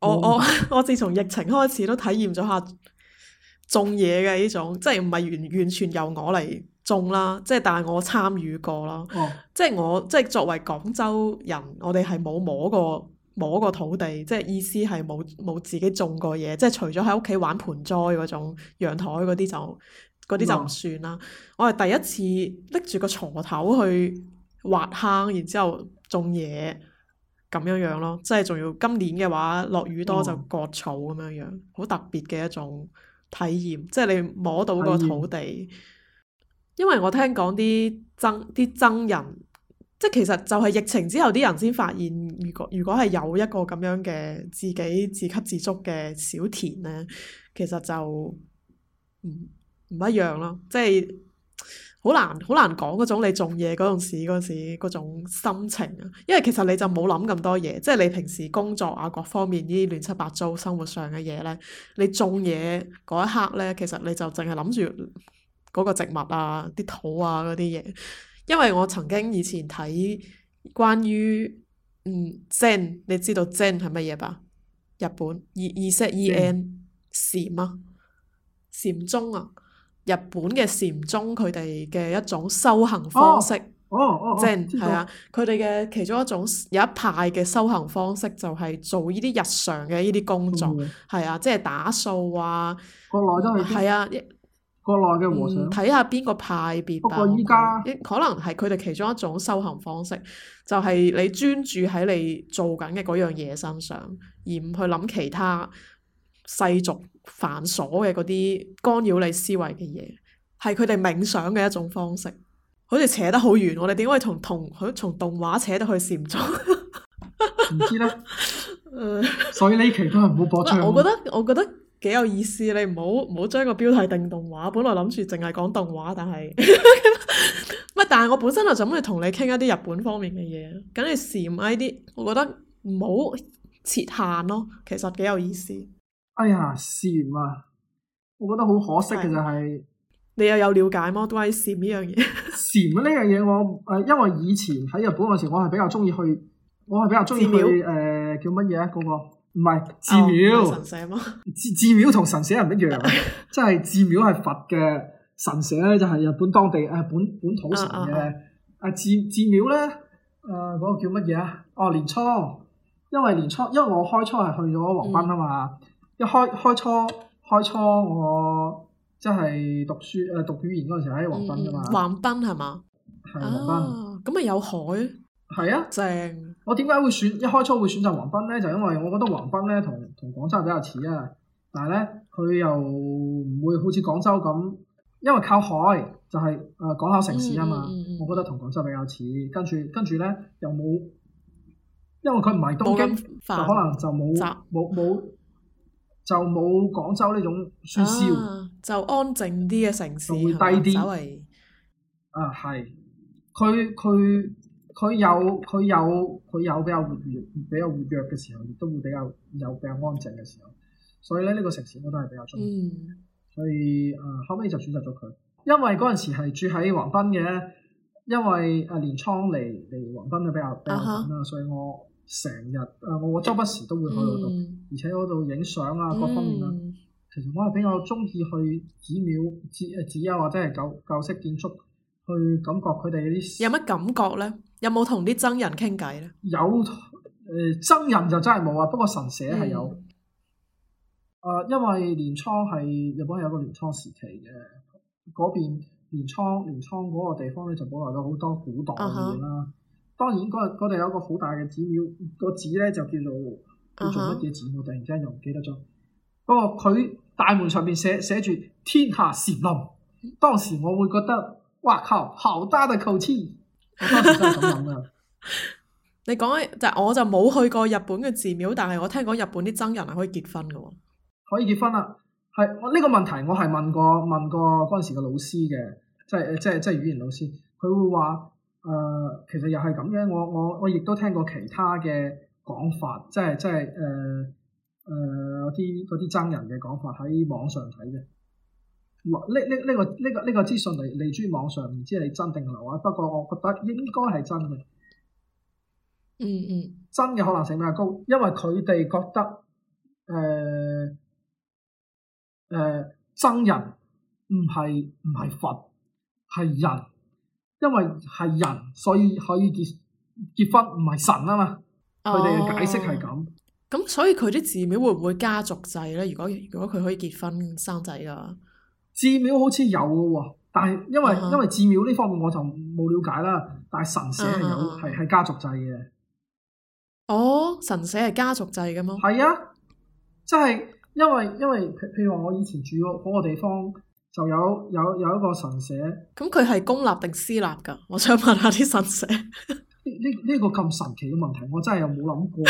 我我我自從疫情開始都體驗咗下種嘢嘅呢種，即係唔係完完全由我嚟種啦，即係但係我參與過咯、嗯。即係我即係作為廣州人，我哋係冇摸過摸過土地，即係意思係冇冇自己種過嘢，即係除咗喺屋企玩盆栽嗰種陽台嗰啲就嗰啲就唔算啦。嗯、我係第一次拎住個鋤頭去挖坑，然之後種嘢。咁樣樣咯，即係仲要今年嘅話落雨多就割草咁樣樣，好、嗯、特別嘅一種體驗。即係你摸到個土地，體驗因為我聽講啲僧啲僧人，即係其實就係疫情之後啲人先發現，如果如果係有一個咁樣嘅自己自給自足嘅小田咧，其實就唔唔一樣咯，嗯、即係。好難好難講嗰種你種嘢嗰陣時嗰時嗰種心情啊，因為其實你就冇諗咁多嘢，即係你平時工作啊各方面啲亂七八糟生活上嘅嘢咧，你種嘢嗰一刻咧，其實你就淨係諗住嗰個植物啊、啲土啊嗰啲嘢。因為我曾經以前睇關於嗯 z e n 你知道 Zen 係乜嘢吧？日本二二式 en，禪啊，禪宗啊。日本嘅禪宗佢哋嘅一種修行方式，哦哦，即係，係啊，佢哋嘅其中一種有一派嘅修行方式就係做呢啲日常嘅呢啲工作，係、嗯、啊，即係打掃啊。國內都係，係啊，國內嘅和尚睇下邊個派別啊，不過依家可能係佢哋其中一種修行方式，就係、是、你專注喺你做緊嘅嗰樣嘢身上，而唔去諗其他。世俗繁瑣嘅嗰啲干擾你思維嘅嘢，係佢哋冥想嘅一種方式。好似扯得好遠，我哋點可以從同佢從，從，從動畫扯到去禪宗？唔 知啦。 嗯，所以呢期都係唔好播出。我覺得我覺得幾有意思。你唔好唔好將個標題定動畫。本來諗住淨係講動畫，但係乜？ 但係我本身就準備同你傾一啲日本方面嘅嘢，咁你禪呢啲，我覺得唔好設限咯。其實幾有意思。哎呀，禪啊，我覺得好可惜嘅就係，你又有了解麼？都係禪呢樣嘢。禪呢樣嘢我誒，因為以前喺日本嗰時，我係比較中意去，我係比較中意去誒、呃、叫乜嘢？嗰個唔係寺廟神社麼？寺寺廟同神社唔一樣，即係、就是、寺廟係佛嘅，神社咧就係日本當地誒、呃、本本土神嘅。啊、uh, uh, uh,，寺寺廟咧誒嗰個叫乜嘢啊？哦年初，因為年初因為我開初係去咗橫濱啊嘛。一開開初開初我即係讀書誒、呃、讀語言嗰陣時喺橫濱噶嘛。橫濱係嘛？係橫濱。咁咪有海？係啊，正。我點解會選一開初會選擇橫濱咧？就因為我覺得橫濱咧同同廣州係比較似啊，但係咧佢又唔會好似廣州咁，因為靠海就係、是、誒、呃、港口城市啊嘛。嗯、我覺得同廣州比較似，跟住跟住咧又冇，因為佢唔係東京，就可能就冇冇冇。嗯嗯嗯就冇廣州呢種喧囂、啊，就安靜啲嘅城市，就會低啲、稍微，啊係，佢佢佢有佢有佢有比較活躍，比較活躍嘅時候，亦都會比較有比較安靜嘅時候，所以咧呢個城市我都係比較中意，嗯、所以啊後尾就選擇咗佢，因為嗰陣時係住喺橫濱嘅，因為啊連倉嚟嚟橫濱都比較比較近啦，所以我。成日，誒我周不時都會去到度，嗯、而且嗰度影相啊各方面啊。嗯、其實我係比較中意去寺廟、寺誒寺啊或者係舊舊式建築去感覺佢哋嗰啲。有乜感覺咧？有冇同啲僧人傾偈咧？有誒僧、呃、人就真係冇啊，不過神社係有。誒、嗯呃，因為鎌倉係日本有個鎌倉時期嘅，嗰邊鎌倉鎌倉嗰個地方咧就保留咗好多古代嘅嘢啦。Uh huh. 當然嗰度有個好大嘅寺廟，嗰個寺咧就叫做叫做乜嘢字，我突然之間又唔記得咗。不過佢大門上邊寫寫住天下神龍，當時我會覺得，哇靠，好大嘅口氣！我當時真係咁諗啦。 你講就是、我就冇去過日本嘅寺廟，但係我聽講日本啲僧人係可以結婚嘅喎，可以結婚啊？係我呢個問題，我係問過問過嗰陣時嘅老師嘅，即係即係即係語言老師，佢會話。誒、呃，其實又係咁嘅，我我我亦都聽過其他嘅講法，即係即係誒誒啲嗰啲僧人嘅講法喺網上睇嘅。哇、這個！呢呢呢個呢、這個呢、這個資訊嚟嚟於網上，唔知係你真定流啊。不過我覺得應該係真嘅。嗯嗯。真嘅可能性比較高，因為佢哋覺得誒誒、呃呃、僧人唔係唔係佛，係人。因為係人，所以可以結結婚，唔係神啊嘛。佢哋嘅解釋係咁。咁、哦、所以佢啲寺廟會唔會家族制咧？如果如果佢可以結婚生仔噶寺廟好似有嘅，但係因為、uh huh. 因為寺廟呢方面我就冇了解啦。但係神社係有係係、uh huh. 家族制嘅。哦，神社係家族制嘅麼？係啊，即、就、係、是、因為因為譬，譬如話我以前住嗰嗰個地方。就有有有一個神社，咁佢係公立定私立㗎？我想問下啲神社呢呢呢個咁神奇嘅問題，我真係又冇諗過。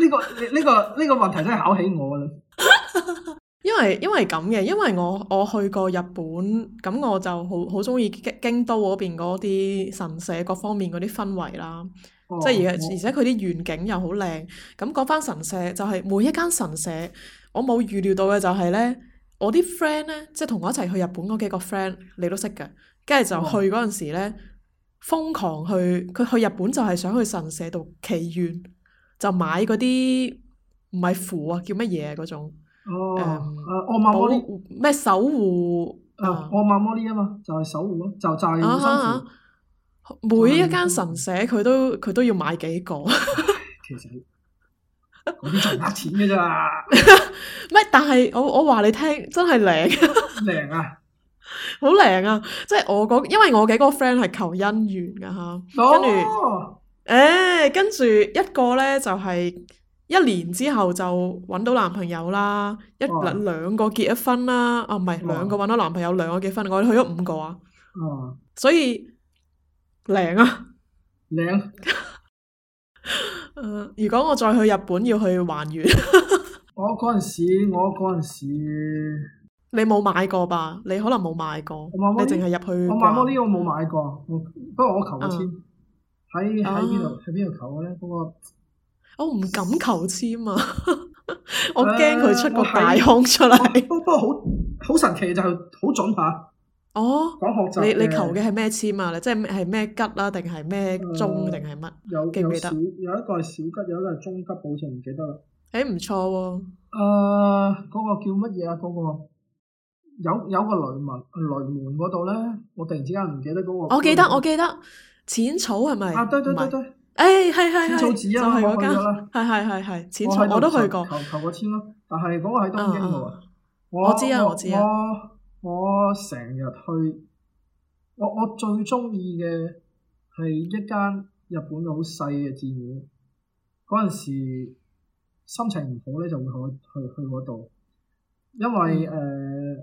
呢、這個呢個呢個問題真係考起我啦。因為因為咁嘅，因為我我去過日本，咁我就好好中意京京都嗰邊嗰啲神社各方面嗰啲氛圍啦，哦、即係而而且佢啲園景又好靚。咁講返神社，就係每一間神社。我冇預料到嘅就係、是、咧，我啲 friend 咧，即係同我一齊去日本嗰幾個 friend，你都識嘅，跟住就去嗰陣時咧，瘋狂去，佢去日本就係想去神社度祈願，就買嗰啲唔係符啊，叫乜嘢嗰種？誒、oh, uh, 呃，惡魔魔力咩守護啊，惡魔魔力啊嘛，就係守護咯，就就係每一間神社佢都佢都要買幾個。其實 咁賺下錢嘅咋？咩？ 但係我我話你聽，真係靚，靚啊，好靚啊！即係我講，因為我幾個 friend 係求姻緣嘅吓，跟住誒，跟住一個咧就係一年之後就搵到男朋友啦，一嗱兩、oh. 個結咗婚啦，啊唔係兩個搵到男朋友，兩個結婚，我哋去咗五個、oh. 啊，所以靚啊，靚。 呃、如果我再去日本要去還原，我嗰陣時，我嗰陣時，你冇買過吧？你可能冇買過，買你淨係入去。我買嗰啲我冇買過，嗯、不過我求過簽，喺喺邊度？喺邊度求嘅咧？嗰個、不過我唔敢求簽啊， 我驚怕佢、呃、出個大凶出嚟。不過好好神奇就係、是、好準吓。哦，你你求嘅係咩籤啊？即係係咩吉啊，定係咩中定係乜？有，記唔記得？有一個係小吉，有一個係中吉，好似唔記得啦。誒唔錯喎。誒嗰個叫乜嘢啊？嗰個有有個雷門，雷門嗰度咧，我突然之間唔記得嗰個。我記得我記得，淺草係咪？啊對對對對，誒係係係，就係嗰間，係係係係，淺草我都去過，求求個簽咯。但係嗰個係東京嘅喎。我知啊，我知啊。我成日去，我我最中意嘅係一間日本好細嘅寺廟，嗰陣時心情唔好咧就會去去去嗰度，因為誒、嗯呃、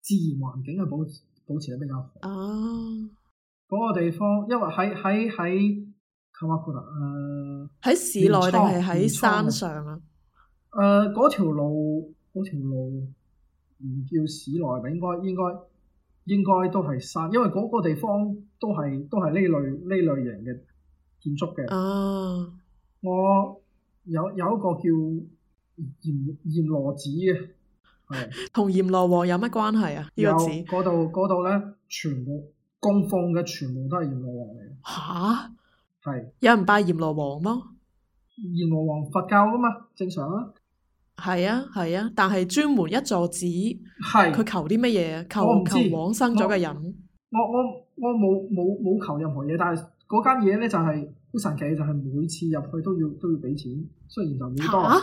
自然環境係保保持得比較好。啊，嗰個地方，因為喺喺喺鎌倉，誒喺市內定係喺山上啊？誒嗰條路，嗰條路。唔叫市內吧，應該應該應該都係山，因為嗰個地方都係都係呢類呢類型嘅建築嘅。啊，我有有一個叫閻閻羅寺嘅，係同閻羅王有乜關係啊？呢個寺。嗰度嗰度咧，全部供奉嘅全部都係閻羅王嚟嘅。嚇哈！係是有人拜閻羅王嗎？閻羅王佛教啊嘛，正常啦。係啊係啊，但係專門一座寺，佢是求啲乜嘢？求唔求往生咗嘅人？我我我冇冇冇求任何嘢，但係嗰間嘢咧就係、是、好神奇，就係每次入去都要都要俾錢，雖然就好多、啊、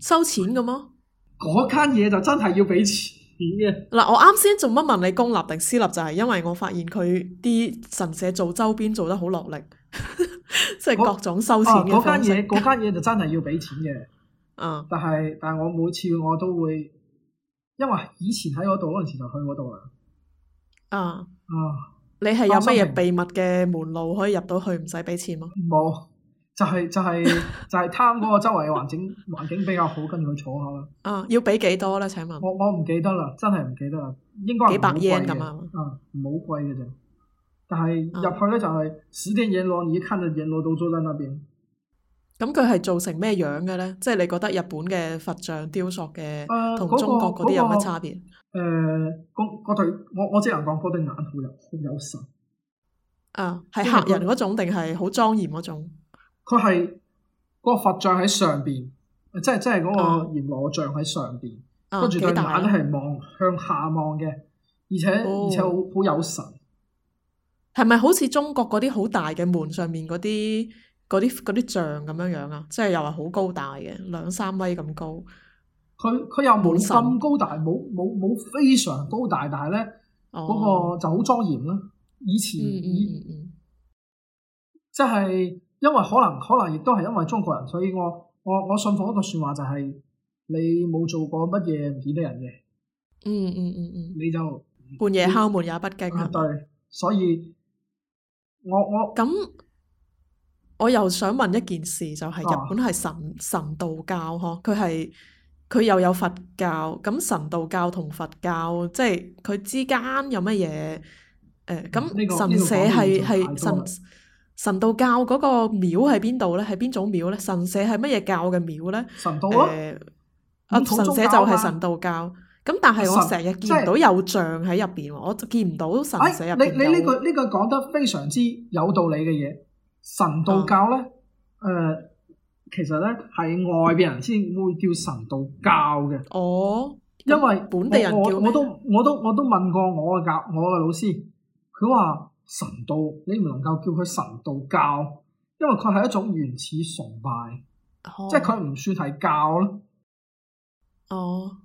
收錢嘅麼？嗰間嘢就真係要俾錢嘅。嗱、啊，我啱先做乜問你公立定私立？就係因為我發現佢啲神社做周邊做得好落力，即 係各種收錢嘅。嗰間嘢嗰間嘢就真係要俾錢嘅。嗯、啊，但係但係我每次我都會，因為以前喺嗰度嗰陣時就去嗰度啦。嗯，啊，啊你係有乜嘢秘密嘅門路可以入到去唔使俾錢嗎？冇，就係、是、就係、是、就係貪嗰個周圍嘅環境環 境比較好，跟住去坐下啦。啊，要俾幾多咧？請問我我唔記得啦，真係唔記得啦，應該係幾百円咁啊，唔好貴嘅啫。但係入去咧就係十殿閻羅你一看着閻羅都坐在那邊。咁佢係做成咩樣嘅咧？即係你覺得日本嘅佛像雕塑嘅，同中國嗰啲有乜差別？誒、啊，嗰個、呃、我我只能講個對眼好有好有神。啊，係嚇人嗰種定係好莊嚴嗰種？佢係嗰個佛像喺上邊，即係即係嗰個閻羅像喺上邊，跟住、嗯、對眼係望向下望嘅，而且、哦、而且好好有神。係咪好似中國嗰啲好大嘅門上面嗰啲？嗰啲啲像咁樣樣啊，即係又話好高大嘅，兩三米咁高。佢佢又冇咁高大，冇冇冇非常高大，但係咧嗰個就好莊嚴啦。以前以、嗯嗯嗯嗯、即係因為可能可能亦都係因為中國人，所以我我我信奉一個説話就係、是、你冇做過乜嘢唔見得人嘅，嗯。嗯嗯嗯嗯，嗯你就半夜敲門我也不驚。對，所以我我咁。我又想問一件事，就係日本係神神道教嗬，佢係佢又有佛教，咁神道教同佛教即係佢之間有乜嘢？誒，咁神社係係神神道教嗰個廟喺邊度咧？係邊種廟咧？神社係乜嘢教嘅廟咧？神道啊！啊神社就係神道教，咁但係我成日見唔到有像喺入邊喎，我就見唔到神社入邊有。你你呢個呢個講得非常之有道理嘅嘢。神道教咧，誒、呃，其實咧係外邊人先會叫神道教嘅。哦，因為本地人我我都我都我都問過我嘅教我嘅老師，佢話神道你唔能夠叫佢神道教，因為佢係一種原始崇拜，即係佢唔算係教咯。哦，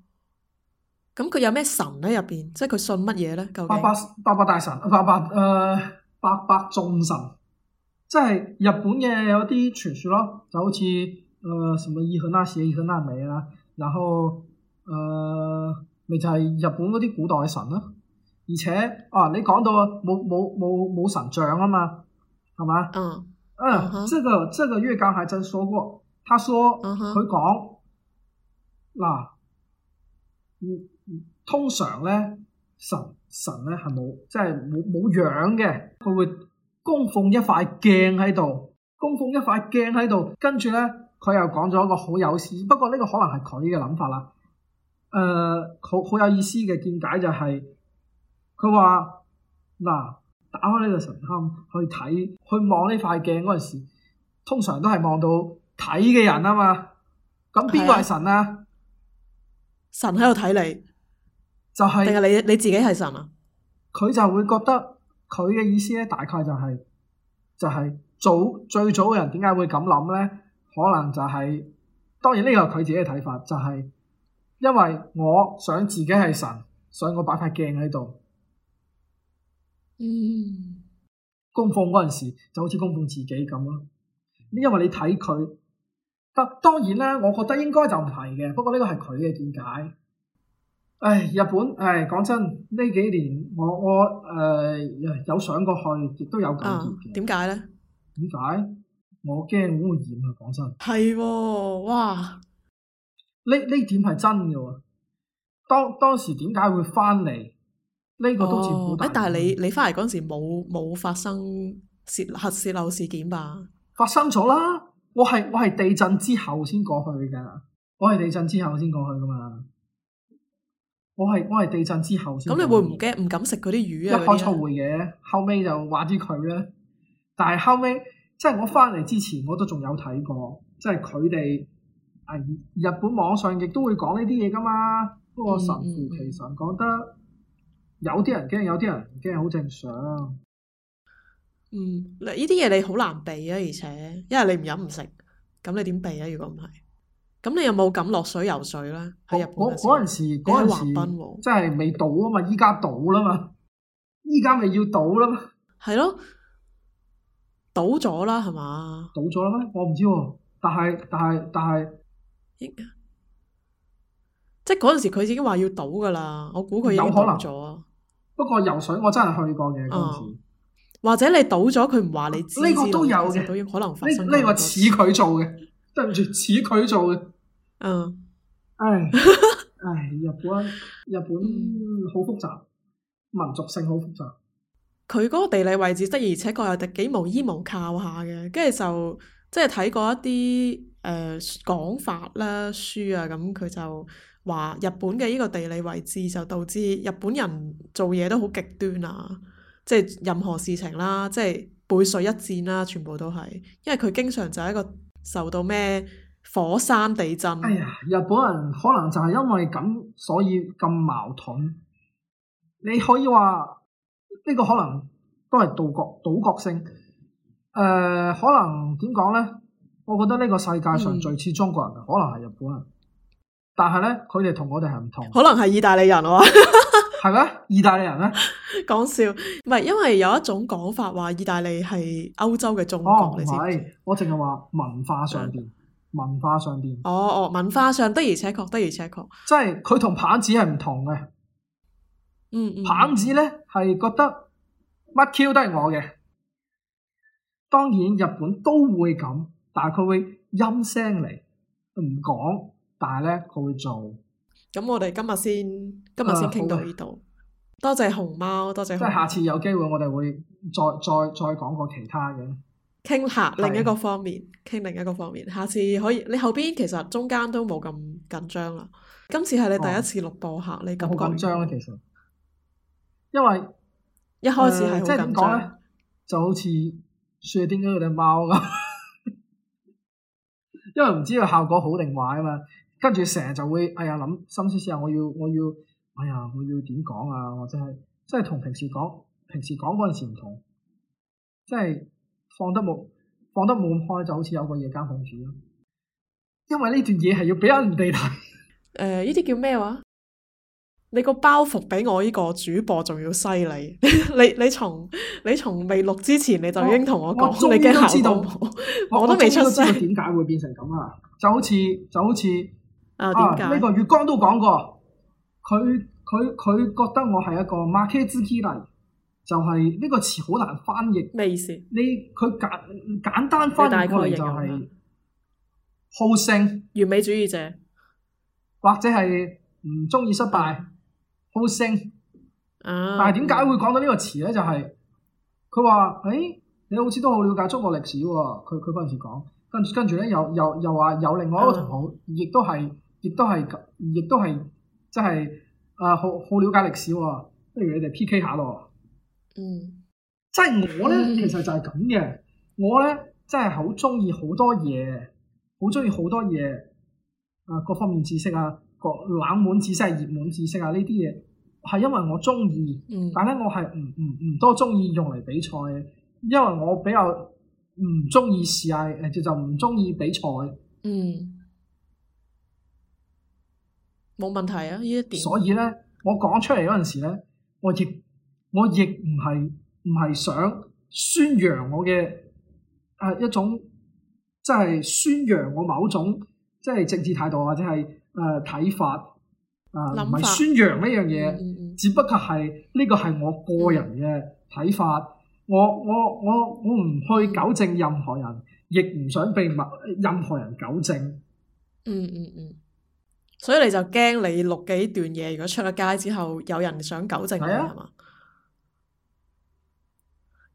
咁佢、哦、有咩神咧入邊？即係佢信乜嘢咧？究竟？八百八百大神，八百誒八百眾神。即係日本嘅有啲傳說咯，就好似誒、呃，什麼伊和那邪、伊和那美、啊」啦。然後誒，咪、呃、就係、是、日本嗰啲古代神咯、啊。而且哦、啊，你講到冇冇冇冇神像啊嘛，係嘛、嗯？嗯嗯、啊，這個這個月岡還真說過，他說佢講嗱，通常咧神神咧係冇，即係冇冇樣嘅，佢會。供奉一塊鏡喺度，供奉一塊鏡喺度，跟住咧佢又講咗一個好有意思，不過呢個可能係佢嘅諗法啦。誒、呃，好好有意思嘅見解就係、是，佢話嗱，打開呢個神龕去睇，去望呢塊鏡嗰陣時，通常都係望到睇嘅人啊嘛。咁邊個係神啊？神喺度睇你，就係定係你你自己係神啊？佢就會覺得。佢嘅意思咧，大概就係就係早最早嘅人點解會咁諗咧？可能就係，當然呢個係佢自己嘅睇法，就係因為我想自己係神，想我擺塊鏡喺度，嗯，供奉嗰陣時就好似供奉自己咁咯。因為你睇佢，但當然咧，我覺得應該就唔係嘅。不過呢個係佢嘅點解。唉、哎，日本唉，講、哎、真，呢幾年我我誒、呃、有上過去，亦都有感嘅。點解咧？點解？我驚污染啊！講真，係喎、哦，哇！呢呢點係真嘅喎。當當時點解會翻嚟？呢、這個都算好大。誒、哦，但係你你翻嚟嗰陣時冇冇發生涉核泄漏事件吧？發生咗啦！我係我係地震之後先過去噶。我係地震之後先過去噶嘛。我係我係地震之後先。咁你會唔驚唔敢食嗰啲魚啊？一開初會嘅，後尾就話住佢話知佢咧。但係後尾，即係我翻嚟之前，我都仲有睇過，即係佢哋啊日本網上亦都會講呢啲嘢噶嘛，不過神乎其神，講得有啲人驚，有啲人唔驚，好正常。嗯，嗱，呢啲嘢你好難避啊，而且，因係因為你唔飲唔食，咁你點避啊？如果唔係？咁、嗯、你有冇敢落水游水咧？喺日本嗰陣時，時，嗰時即係未倒啊嘛！依家倒啦嘛！依家咪要倒啦？係咯，倒咗啦，係嘛？倒咗啦？咩？我唔知，但係但係但係，即係嗰陣時佢已經話要倒噶啦。我估佢有可能咗。不過游水我真係去過嘅，嗰陣時、嗯。或者你倒咗，佢唔話你知？呢個都有嘅，都可能發生。呢、呢個似佢、呢個、做嘅，對唔住，似佢做嘅。嗯，唉唉、uh. 哎哎，日本日本好複雜，民族性好複雜。佢嗰個地理位置得，而且佢又幾無依無靠下嘅，跟住就即係睇過一啲誒講法啦書啊，咁佢就話日本嘅呢個地理位置就導致日本人做嘢都好極端啊，即係任何事情啦，即係背水一戰啦，全部都係，因為佢經常就係一個受到咩。火山地震。哎呀，日本人可能就係因為咁，所以咁矛盾。你可以話呢、這個可能都係島國島國性。誒、呃，可能點講咧？我覺得呢個世界上最似中國人嘅，嗯、可能係日本人。但係咧，佢哋同我哋係唔同。可能係意大利人，係 咩？意大利人咧？講， 笑，唔係因為有一種講法話意大利係歐洲嘅中國，唔、哦、你知唔知？我淨係話文化上邊。嗯文化上邊？哦哦，文化上的而且確的而且確。即係佢同棒子係唔同嘅。嗯嗯。棒子咧係覺得乜 Q 都係我嘅。當然日本都會咁，但係佢會陰聲嚟唔講，但係咧佢會做。咁我哋今日先今日先傾到呢度，呃、多謝熊貓，多謝熊貓。即係下次有機會我哋會再再再講過其他嘅。傾下，另一個方面，傾的另一個方面。下次可以，你後邊其實中間都冇咁緊張啦。今次係你第一次錄播客，哦、你咁緊張啦、啊，其實。因為、嗯、一開始係、呃、即係點講咧，就好似薛丁格嗰隻貓咁， 因為唔知個效果好定壞啊嘛。跟住成日就會，哎呀諗心思思啊，我要我要，哎呀我要點講啊，或者係即係同平時講平時講嗰陣時唔同，即係。即放得冇放得冇咁開，就好似有個夜間房主咯。因為呢段嘢係要俾人哋睇。誒、呃，呢啲叫咩話？你個包袱比我呢個主播仲要犀利。 你從你從你從未錄之前，你就已經同我講，你驚吓到我。我都未出聲。點解會變成咁啊？ 就好似就好似啊，呢、啊這個月光都講過，佢佢佢覺得我係一個 mark 之基就係呢個詞好難翻譯，咩意思？你佢簡簡單翻譯過嚟就係好勝、完美主義者，或者係唔中意失敗。嗯、好勝，啊、但係點解會講到呢個詞咧？就係佢話，誒、哎、你好似都好了解中國歷史喎、啊。佢佢嗰陣時講，跟住跟住咧，又又又話有另外一個同學，亦都係亦都係亦都係即係啊，好好了解歷史喎、啊。不如你哋 PK 下咯。嗯，即係我咧，其實就係咁嘅。我咧真係好中意好多嘢，好中意好多嘢。啊，各方面知識啊，各冷門知識、熱門知識啊，呢啲嘢係因為我中意。但係咧，我係唔唔唔多中意用嚟比賽嘅，因為我比較唔中意試下誒，就唔中意比賽。嗯。冇問題啊！呢一點。所以咧，我講出嚟嗰陣時咧，我接。我亦唔係唔係想宣揚我嘅啊一種即係宣揚我某種即係政治態度或者係誒睇法啊，唔係宣揚呢樣嘢，嗯嗯嗯、只不過係呢、這個係我個人嘅睇法。嗯、我我我我唔去糾正任何人，亦唔想被任何人糾正。嗯嗯嗯。所以你就驚你錄嘅呢段嘢，如果出咗街之後有人想糾正你係嘛？吧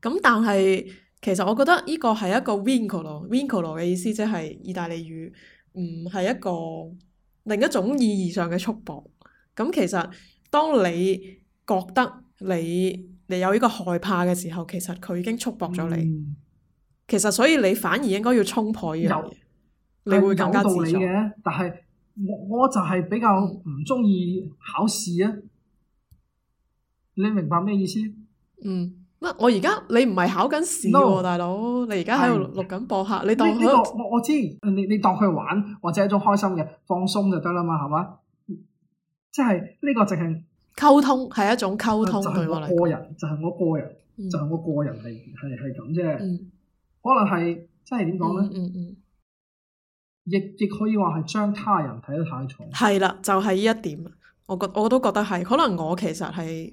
咁但係，其實我覺得呢個係一個 vincolo，vincolo 嘅意思即係意大利語，唔係一個另一種意義上嘅束縛。咁其實當你覺得你你有呢個害怕嘅時候，其實佢已經束縛咗你。嗯、其實所以你反而應該要衝破呢樣嘢，有你會更加自在嘅。但係我我就係比較唔中意考試啊。你明白咩意思？嗯。乜？我而家你唔係考緊試，大佬，你而家喺度錄緊播客，的你當佢？呢、呢個我我知，你你當佢玩或者一種開心嘅放鬆就得啦嘛，係嘛？即係呢個淨係溝通係一種溝通，就係我，我，我個人，就係、係我，嗯、我個人，就係、係、我個人嚟，係係咁啫。嗯、可能係即係點講咧？呢嗯嗯嗯、亦亦可以話係將他人睇得太重。係啦，就係、係、呢一點，我覺我都覺得係，可能我其實係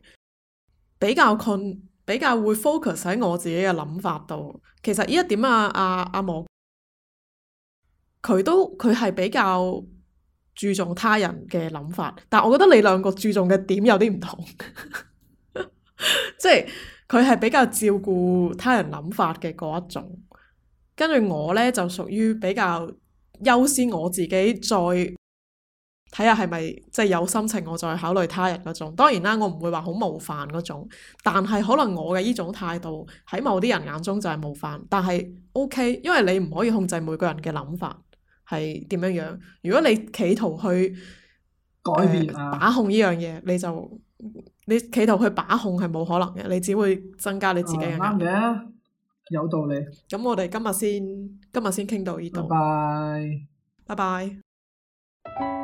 比較困。比較會 focus 喺我自己嘅諗法度，其實呢一點啊，阿阿毛佢都佢係比較注重他人嘅諗法，但係我覺得你兩個注重嘅點有啲唔同， 即係佢係比較照顧他人諗法嘅嗰一種，跟住我咧就屬於比較優先我自己再。睇下係咪即係有心情，我再考慮他人嗰種。當然啦，我唔會話好冒犯嗰種，但係可能我嘅呢種態度喺某啲人眼中就係冒犯。但係 OK，因為你唔可以控制每個人嘅諗法係點樣樣。如果你企圖去改變、呃、把控呢樣嘢，你就你企圖去把控係冇可能嘅，你只會增加你自己嘅壓力。啱嘅、嗯，有道理。咁我哋今日先，今日先傾到呢度。拜，拜拜。拜拜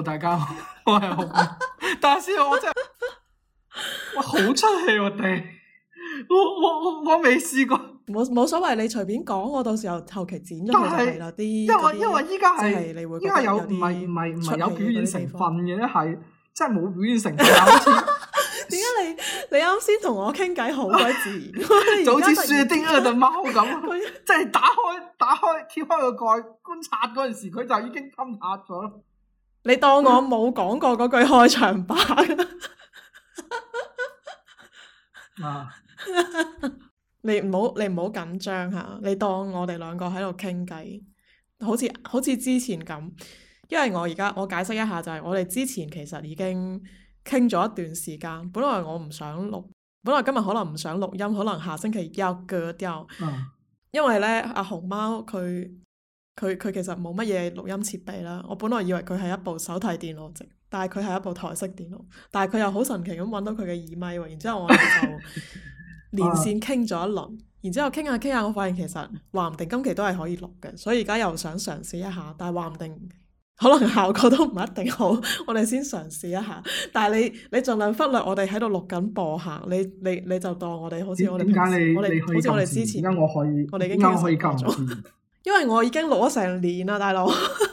大家，好，我係好，但是我真、啊，我好出戲我哋，我我我我未試過，冇冇所謂，你隨便講，我到時候後期剪咗咪係咯，啲，因為因為依家係，係你會依家有唔係唔係唔係有表演成分嘅咧，係真係冇表演成分，點解？ 你你啱先同我傾偈好鬼自然，就好似薛丁格嗰隻貓咁，即係打開打開揭開個蓋觀察嗰陣時，佢就已經噤下咗。你當我冇講過嗰句開場白。 啊！ 你唔好你唔好緊張吓，你當我哋兩個喺度傾偈，好似好似之前咁。因為我而家我解釋一下就係，我哋之前其實已經傾咗一段時間。本來我唔想錄，本來今日可能唔想錄音，可能下星期休嘅休。啊，因為咧，阿熊貓佢。佢佢其實冇乜嘢錄音設備啦。我本來以為佢係一部手提電腦直，但係佢係一部台式電腦。但係佢又好神奇咁揾到佢嘅耳咪，然之後我哋就連線傾咗一輪。 然之後傾下傾下，我發現其實話唔定今期都係可以錄嘅。所以而家又想嘗試一下，但係話唔定可能效果都唔一定好。我哋先嘗試一下。但係你你盡量忽略我哋喺度錄緊播客。你你,你就當我哋好似我哋點解好似我哋之前，依家我哋已經可以 因為我已經錄咗成年啦，大佬。